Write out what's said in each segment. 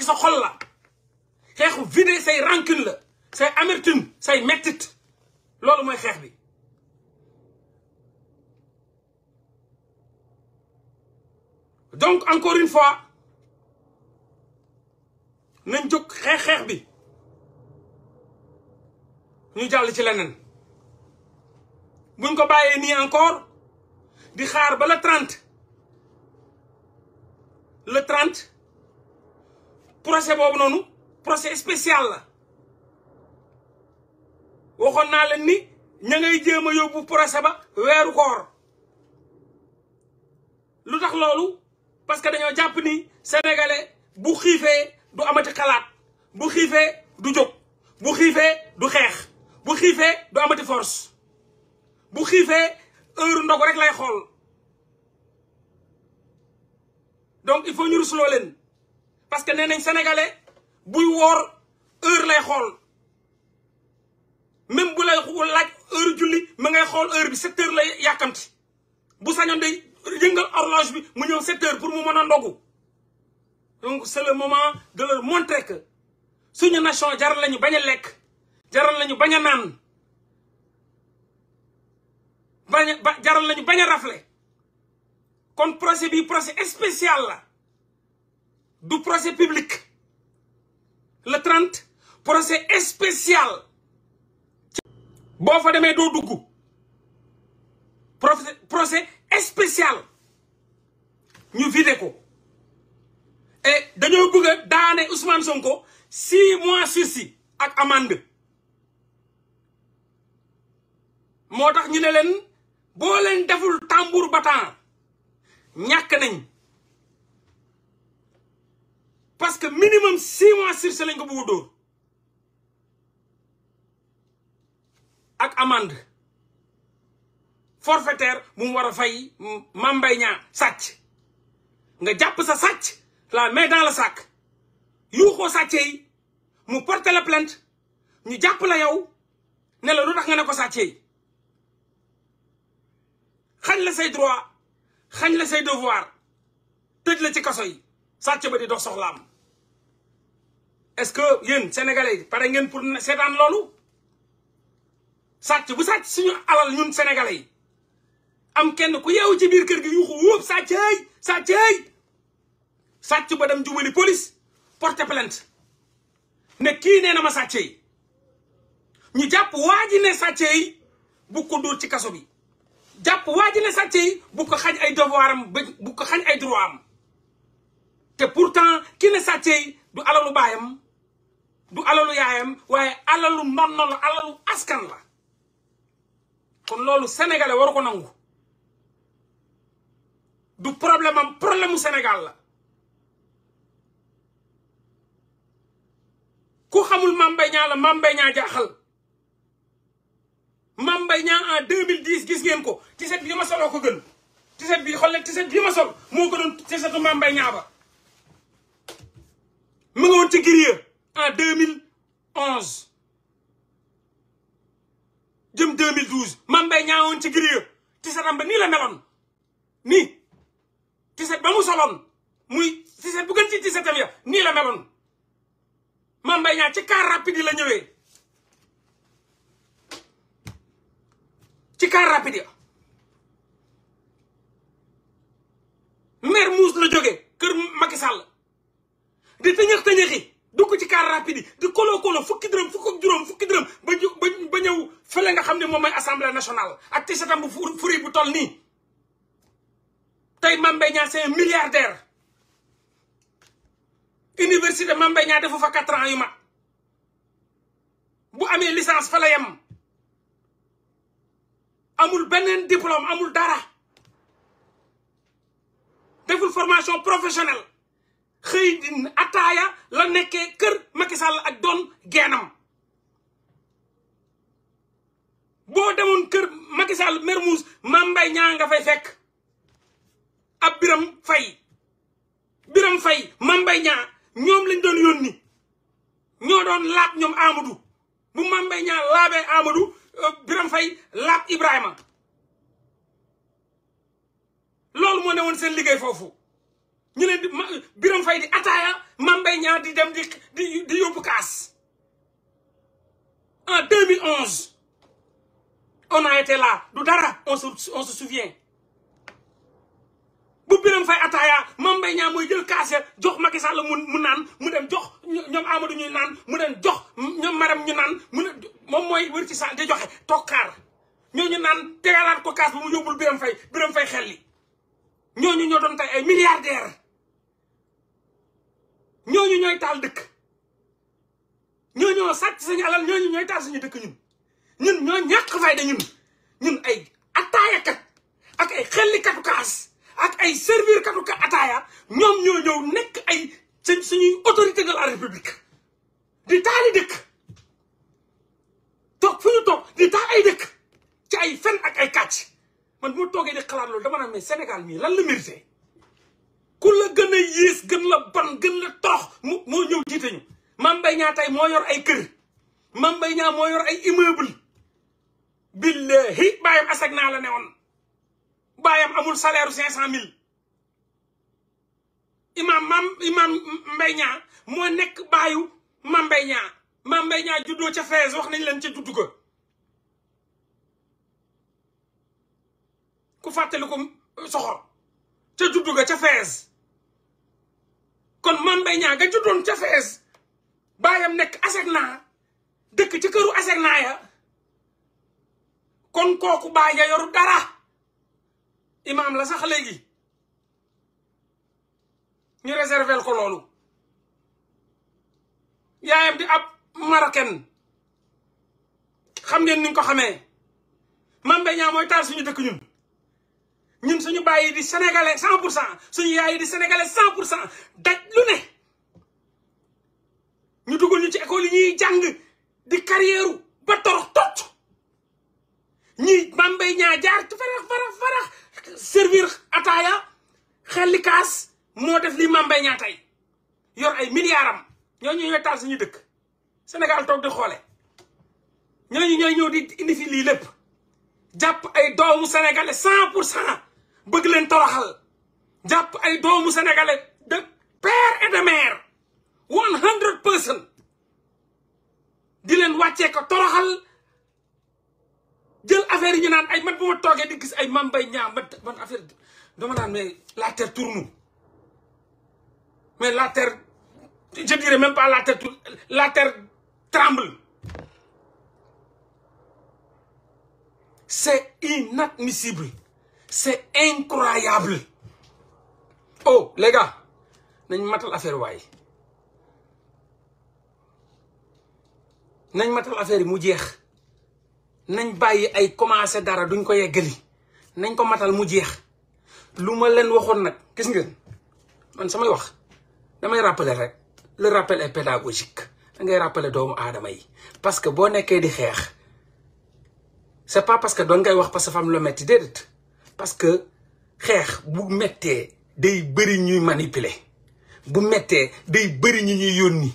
nekk sa xol la xeexu vider say rancune la say amertume say mettit loolu mooy xeex bi donc encore une fois nañ jóg xeex xeex bi ñu jàll ci leneen buñ ko bàyyee nii encore di xaar ba le 30 le 30 procès boobu noonu procès spécial la waxoon naa leen ni ña ngay jéem a yóbbu procès ba weeru koor lu tax loolu parce que dañoo jàpp ni sénégalais bu xiifee du amati xalaat bu xiifee du jóg bu xiifee du xeex bu xiifee du amati force bu xiifee heure ndog rek lay xool donc il faut ñu rusloo leen parce que nee nañ sénégalais buy woor heure lay xool même bu lay laaj heure julli ma ngay xool heure bi secteur la lay bu sañoon day yëngal horloge bi mu ñëw secteur heures pour mu mën a ndogu donc c'est le moment de leur que suñu nation jaral lañu bañ a lekk jaral lañu bañ a naan bañ a jaral lañu bañ a rafle kon procès bi procès spécial la du procès public le 30 procès spécial boo fa demee doo dugg procès procès ñu vidé ko et dañoo bëgg daane Ousmane Sonko six mois sursis ak amende moo tax ñu ne leen boo leen deful tambour battant ñàkk nañ parce que minimum six mois sursis lañ ko bëgg a dóor ak amende forfaitaire mu war a fay mambay ñaa sàcc nga jàpp sa sàcc la main dans le sac yuuxoo sàccee mu porter la plainte ñu jàpp la yow ne la lu tax nga ne ko sàccee xañ la say droit xañ la say devoir tëj la ci kaso yi sàcc ba di dox soxlaam est-ce que yéen sénégalais yi pare ngeen pour seetaan loolu sàcc bu sàcc suñu alal ñun sénégalais yi am kenn ku yeewu ci biir kër gi yuuxu wóob sàcc ay sàcc ay sàcc ba dem jubali police porte plainte ne kii nee na ma ñu jàpp waa ji ne sàcc bu ko dóor ci kaso bi jàpp waa ji ne sàcc bu ko xañ ay devoir am bu ko xañ ay droit am te pourtant ki ne sàcc du alalu baayam du alalu yaayam waaye alalu nonno alalu askan la kon loolu sénégalais waru ko nangu du problème am problème mu Sénégal la ku xamul Mame Mbaye Niang la Mame Mbaye Niang jaaxal Mame Mbaye Niang en 2010 gis ngeen ko tiset bi ma soloo ko gën tiset bi xool leen tiset bi ma sol moo gënoon tisetu Mame Mbaye mu ngi woon ci giriya en 2011 jëm 2012 Mame Mbaye ñaawoon ci grieux tisetam nii la meloon nii tiset ba mu soloon muy tiset bu gën ci tisetam ya nii la meloon Mame Mbaye ñaa ci car rapide la ñëwee ci car rapide ya Mermoz la jógee kër Macky di tëñëx tëñëxi dugg ci car rapide yi di kolo kolo fukki dërëm fukk ak juróom fukki ba ba ba ñëw fële nga xam ne moom mooy assemblée nationale ak tisatam bu furi bu toll nii tey Mame Mbaye Niang c'est un milliardaire université Mame Mbaye Niang defu fa quatre yu ma bu amee licence fala la yem amul beneen diplôme amul dara deful formation professionnelle xëy ataaya la nekkee kër Macky Sall ak doon geenam boo demoon kër Macky Sall Mermoz Mame Mbaye nga fay fekk ab Biram Fay Biram Fay Mame Mbaye ñoom lañ doon yónni ñoo doon laab ñoom Amadou bu Mame Mbaye Niang laabee Amadou euh, Biram Fay laab Ibrahima loolu moo ne woon seen liggéey foofu ñu leen di Biram Fay di ataaya Mame Mbaye Niang di dem di di di yóbbu kaas en 2011 on a été la du dara on se on se souvient bu Biram Fay ataaya Mame Mbaye mooy jël kaas ya jox Macky Sall mu mu naan mu dem jox ñoom Amadou ñu naan mu dem jox ñoom Maram ñu naan mu ne moom mooy wër ci sa di joxe tokkaar ñu naan tegalaat ko kaas bu mu yóbbul Biram Fay Biram Fay xel li ñooñu ñoo doon tey ay milliardaire ñooñu ñooy taal dëkk ñooñu ñoo sàcc sañu alal ñooñu ñooy taal suñu dëkk ñun ñun ñoo ñàkk fayda ñun ñun ay ataayakat ak ay xellikatu kaas ak ay servir katu ka ataaya ñoom ñoo ñëw nekk ay seen suñuy autorité de la république di taali dëkk toog fu ñu toog di taal ay dëkk ci ay fen ak ay kàcc man bu toogee di xalaat loolu dama naan mais Sénégal mii lan la mérité ku la gën a yées gën la bon gën la toox mu moo ñëw jiite ñu Mame Mbaye moo yor ay kër Mame Mbaye moo yor ay immeuble billahi bàyyam asag naa la ne woon baayam amul salaire u cinq cent mille imam mam imam Mbaye moo nekk bàyyu Mame Mbaye Niang Mame Mbaye Niang juddoo ca Fès wax nañ leen ca juddu ko ku fàttali ko soxor ca juddu ga ca fees kon Mame Mbaye Niang nga juddoon ca fees baayam nekk Asegna dëkk ci këru Asegna ya kon kooku baay ya yoru dara imaam la sax léegi ñu réserver ko loolu yaayam di ab marocain xam ngeen ni ñu ko xamee Mame Mbaye mooy taal suñu dëkk ñun ñun suñu baay yi di sénégalais cent pour cent suñu yaay yi di sénégalais cent pour cent daj lu ne ñu dugal ñu ci école yi ñuy jàng di carrière ba torox tot ñi mambay ñaa jaar ci farax def li mambay ñaa tey yor ay milliards ñoo ñooñu ñooy taal dëkk Sénégal toog di xoole ñooñu ñooy ñëw di indi fi lii lépp jàpp ay doomu sénégalais cent pour cent bëgg leen toroxal jàpp ay doomu sénégalais de père et de one hundred percent di leen wàccee ko toroxal jël affaire yi ñu naan ay man bu ma di gis ay mambay ñaam man affaire dama naan mais la terre tourne mais la terre je dirais même la terre tourne c'est inadmissible c'est incroyable oh les gars nañ matal affaire waay nañ matal affaire yi mu jeex nañ bàyyi ay commencé dara duñ ko yeggali nañ ko matal mu jeex lu ma leen waxoon nag gis ngeen man samay wax damay rappeler rek le rappel est pédagogique da ngay rappeler doomu aadama yi parce que boo nekkee di xeex c'est pas parce que doon ngay wax parce que fam lo metti déedéet parce que xeex bu mettee day bëri ñuy manipuler bu mettee day bëri ñu ñuy yónni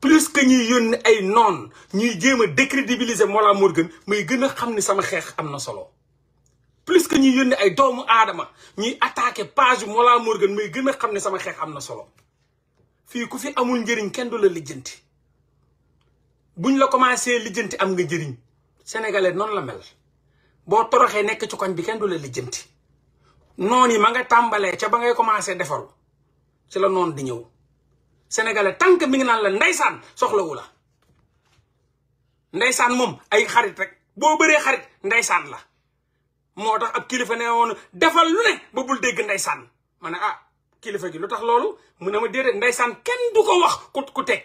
plus que ñuy yónni ay noon ñuy jéem a décrédibiliser Mollah Morgun may gën a xam ni sama xeex am na solo plus que ñuy yónni ay doomu aadama ñuy attaqué page Mollah Morgun may gën a xam ne sama xeex am na solo fii ku fi amul njëriñ kenn du la lijjanti buñ la commencé lijjanti am nga njëriñ sénégalais noonu la mel boo toroxee nekk ci koñ bi kenn du la lijjanti noon yi ma nga tàmbalee ca ba ngay commencé defaru ci la noon di ñëw sénégalais tànk mi ngi naan la ndeysaan soxlawu la ndeysaan moom ay xarit rek boo bëree xarit ndeysaan la moo tax ak kilifa ne woon defal lu ne ba bul dégg ndeysaan ma ne ah kilifa gi lu tax loolu mun ne ma déedéet ndeysaan kenn du ko wax ku ku tekk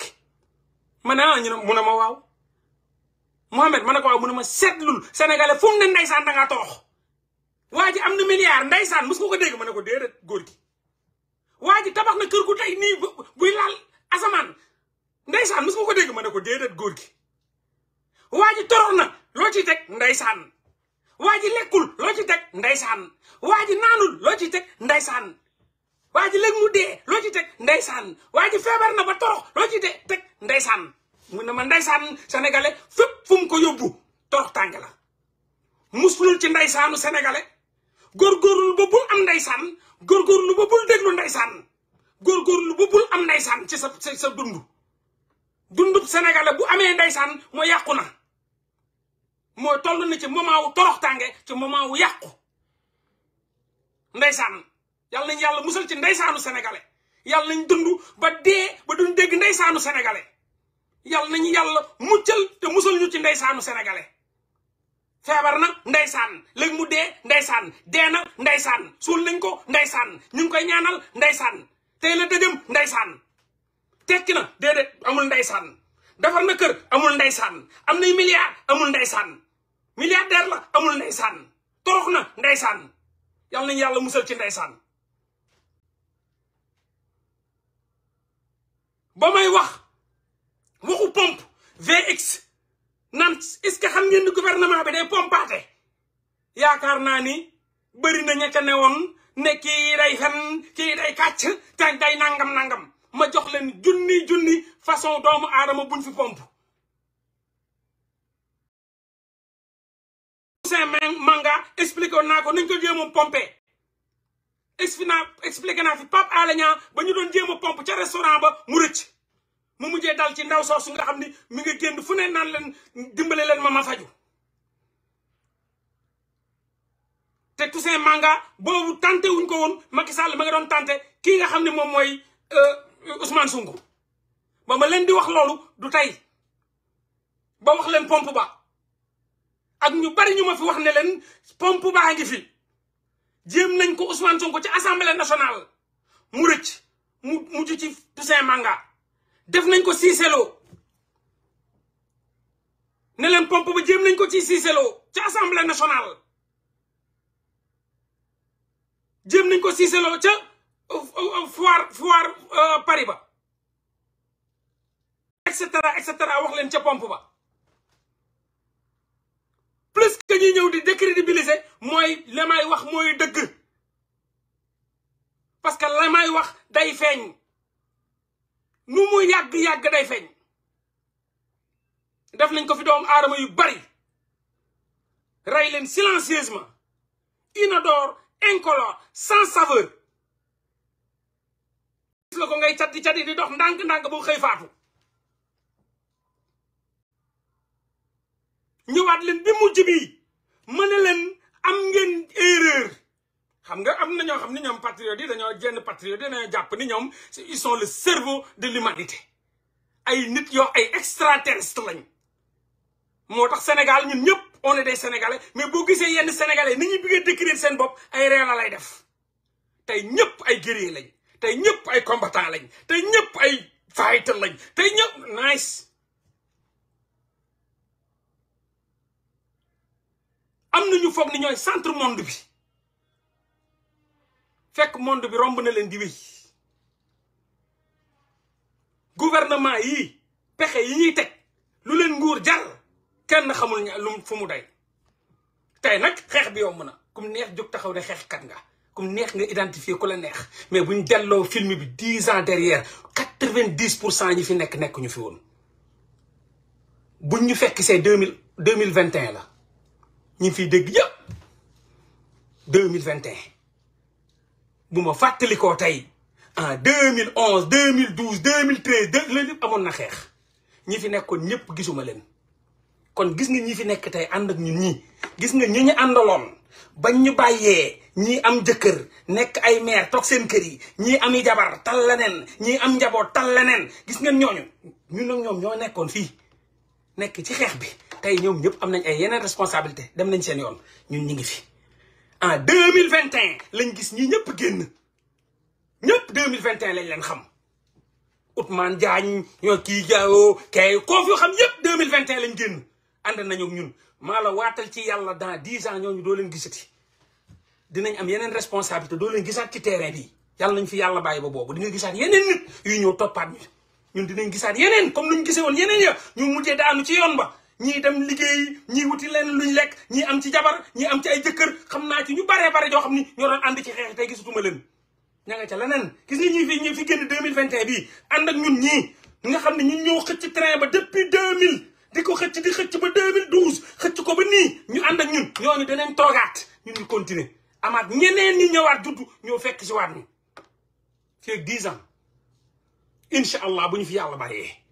ma ne ah ñu ne mu ne ma waaw Mohamed ma ne ko waaw mu ne ma seetlul sénégalais fu mu ne ndeysaan saan ngaa toox waa ji am na milliard ndeysaan mos nga ko dégg ma ne ko déedéet góor waa ji tabax na kër gu tey nii buy laal asamaan ndeysaan mos nga ko dégg ma ne ko déedéet góor waa ji torox na loo ciy teg ndeysaan waa ji lekkul loo ci teg ndeysaan waa ji naanul loo ci teg ndeysaan waa ji léegi dee loo ci teg ndeysaan waa ji feebar na ba torox loo ci teg ndeysaan mu na ma ndeysaan sénégalais fépp fu mu ko yóbbu torox tàng la muslul ci ndeysaanu sénégalais góorgóorlu ba bul am ndeysaan góorgóorlu ba bul déglu ndeysaan góorgóorlu ba bul am ndeysaan ci sa sa dund dundub sénégalais bu amee ndeysaan mooy yàqu na mooy toll na ci moment wu torox tànge ci moment wu yàqu ndeysaan yàlla nañ yàlla musal ci ndeysaanu sénégalais yàlla nañ dund ba dee ba duñ dégg saanu sénégalais yàlla nañu yàlla muccal te musal ñu ci ndeysaanu senegale feebar na ndeysaan léegi mu dee ndeysaan dee na ndeysaan suul nañ ko ndeysaan ñu ngi koy ñaanal ndeysaan tey la dëjëm ndeysaan tekki na déedéet amul ndeysaan defar na kër amul ndeysaan am nay milliard amul ndeysaan milliardaire la amul ndeysaan torox na ndeysaan yàlla nañu yàlla musal ci ndeysaan ba may wax waxu pompe v nan est-ce que xam ngeen ni gouvernement bi day pompaate yaakaar naa ni bëri na ña ca newoon ne kii day fen kii day kàcc te day nangam nangam ma jox leen junni junni façon doomu aadama buñ fi pompe. Ousseyn Manga expliqué woon naa ko nañ ko jéem a pompé expliqué naa fi Pape Alé Niang ba ñu doon jéem a pompe ca restaurant ba mu rëcc. ma mujjee dal ci ndaw soosu nga xam ni mu nga génn fu ne naan leen dimbale leen ma ma faju te Toussaint Manga boobu tante wuñ ko woon Macky Sall ma nga doon tante kii nga xam ne moom mooy euh, Ousmane Sonko ba ma leen di wax loolu du tey ba wax leen pompe ba ak ñu bari ñu ma fi wax ne leen pompe baa ngi fi jéem nañ ko Ousmane Sonko ci assemblée nationale mu rëcc mu mujj ci Toussaint Manga def nañ ko siiseloo ne leen pompe ba jéem nañ ko ci siiseloo ci assemblée nationale jéem nañ ko siiseloo ca euh, euh, foire foire euh, Paris ba et cetera et ca pomp ba plus que ñuy ñëw di décrédibiliser mooy la may wax mooy dëgg parce que la may wax day feeñ nu mu yàgg-yàgg day feeñ def nañ ko fi doomu aadama yu bari rey leen silencieusement inodore incolore sans saveur gis la ko ngay catti cati di dox ndànk-ndànk bu xëy faatu ñëwaat leen bi mujj bi mën leen am ngeen erreur xam nga am na ñoo xam ni ñoom patriotes yi dañoo jenn patriotes yi jàpp ni ñoom ils sont le cerveau de l'humanité ay nit yoo ay extraterrestres lañ moo tax Sénégal ñun ñëpp on est des mais boo gisee yenn sénégalais ni ñuy bëgg a seen bopp ay réel lay def tey ñëpp ay guerrier lañ tey ñëpp ay combattant lañ tey ñëpp ay fighter lañ tey ñëpp nice. am na ñu foog ni ñooy centre monde bi. fekk monde bi romb na leen di wéy gouvernement yi pexe yi ñuy teg lu leen nguur jar kenn xamul ña lu fu mu day tey nag xeex bi yomb na kum neex jóg taxaw ne xeexkat nga kum neex nga identifier ku la neex mais bu ñu delloo film bi dix ans derrière quatre vingt dix pour cent ñi fi nekk nekk ñu fi woon buñ ñu fekk see deux mille deux mille vingt et un la ñi fiy dégg yëpp mille vingt et bu ma fàttalikoo tey en 2011 2012 2013 deux loolu yëpp amoon na xeex ñi fi nekkoon ñëpp gisuma leen kon gis nga ñi fi nekk tey ànd ak ñun ñi gis nga ñi ñu àndaloon bañ ñu bàyyee ñii am jëkkër nekk ay maire toog seen kër yi ñii ami jabar tal leneen ñii am njaboot tal leneen gis ngeen ñooñu ñun nag ñoom ñoo nekkoon fii nekk ci xeex bi tey ñoom ñëpp am nañ ay yeneen responsabilité dem nañ seen yoon ñun ñi ngi fi en deux mille vingt et un lañ gis ñi ñëpp génn ñëpp deux mille vingt et un lañ leen xam Ousmane Diagne ñoo kii Diao kay koof yoo xam ñëpp deux mille vingt et un lañ génn ànd nañu ñun maa la waatal ci yàlla dans dix ans ñooñu doo leen gisati dinañ am yeneen responsabilité doo leen gisaat ci terrain bi yàlla nañ fi yàlla bàyyi ba boobu di gisaat yeneen nit yu ñëw toppaat ñun dinañ gisaat yeneen comme nuñ gisee woon yeneen ya ñu mujjee daanu ci yoon ba ñii dem liggéey ñii wuti leen luñ lekk ñii am ci jabar ñi am ci ay jëkkër xam naa ci ñu baree bare joo xam ni ñoo doon ànd ci xeex tey gisatuma leen ña nga ca leneen gis nga ñii fi ñi fi génn 2021 bii ànd ak ñun ñii nga xam ne ñun ñoo xëcc train ba depuis 2000 di ko xëcc di xëcc ba 2012 xëcc ko ba nii ñu ànd ak ñun ñooñu danañ toogaat ñun ñu continuer amaat ñeneen ñi ñëwaat dudd ñoo fekk si waat ni fii ak 10 ans incha allah bu ñu fi yàlla bàyyee